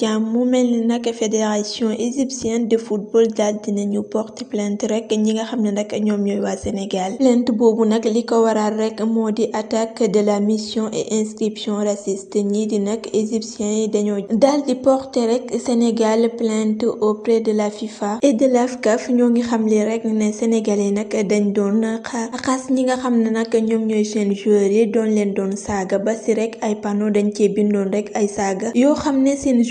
jàmm mu melni nag fédération égyptienne de football daal dinañu porte plainte rek ñi nga xam ne nag ñoom ñooy waa Sénégal plainte boobu nag li ko waral rek moo di attaque de la mission et inscription raciste ñii di nag égyptiens yi dañoo daal di porte rek Sénégal plainte auprès de la FIFA et de l'AFCAF ñoo ngi xam xamle rek ne sénégalais nag dañ doon xas ñi nga xam ne nag ñoom ñooy seen joueurs yi doon leen doon saaga ba si rek ay panneau dañ cee bindoon rek ay saaga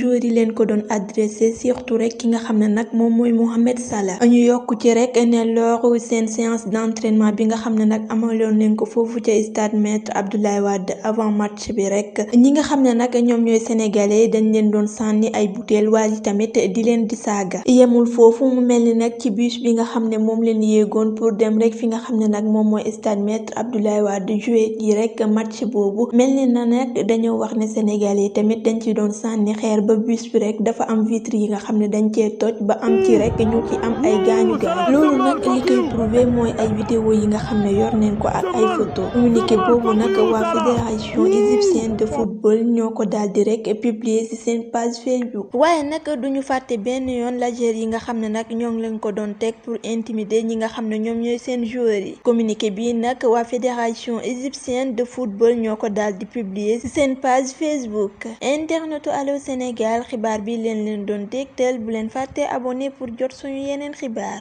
toujours di leen ko doon adressé surtout rek nga xam ne nag moom mooy Mohamed Salah ñu yokk ci rek ne loolu seen séance d' entraînement bi nga xam ne nag amaloon nañ ko foofu ca stade maître Abdoulaye Wade avant match bi rek ñi nga xam ne nag ñoom ñooy sénégalais dañ leen doon sànni ay butéel waaye tamit di leen di saaga yemul foofu mu mel ni nag ci bus bi nga xam ne moom leen yéegoon pour dem rek fi nga xam ne nag moom mooy stade maître Abdoulaye Wade joué yi rek match boobu mel ni na nag dañoo wax ba bus bi rek dafa am vitre yi nga xam ne dañ cee toj ba am ci rek ñu ci am ay gaañu gaañu mmh, loolu nag li koy prouvé mooy ay vidéo yi nga xam ne yor neen ko ak ay photo communiqué boobu nag mmh, waa fédération mmh. égyptienne de football ñoo ko daal di rek publier ci seen page Facebook waaye nag duñu fàtte benn yoon lajeur yi nga xam ne nag ñoo ngi leen ko doon teg pour intimider ñi nga xam ne ñoom ñooy seen joueurs yi communiqué bi nag waa fédération égyptienne de football ñoo ko daal di seen page Facebook internetu Allô Sénégal xibar bi len len don tektel bu len faté abonné pour jot suñu yeneen xibaar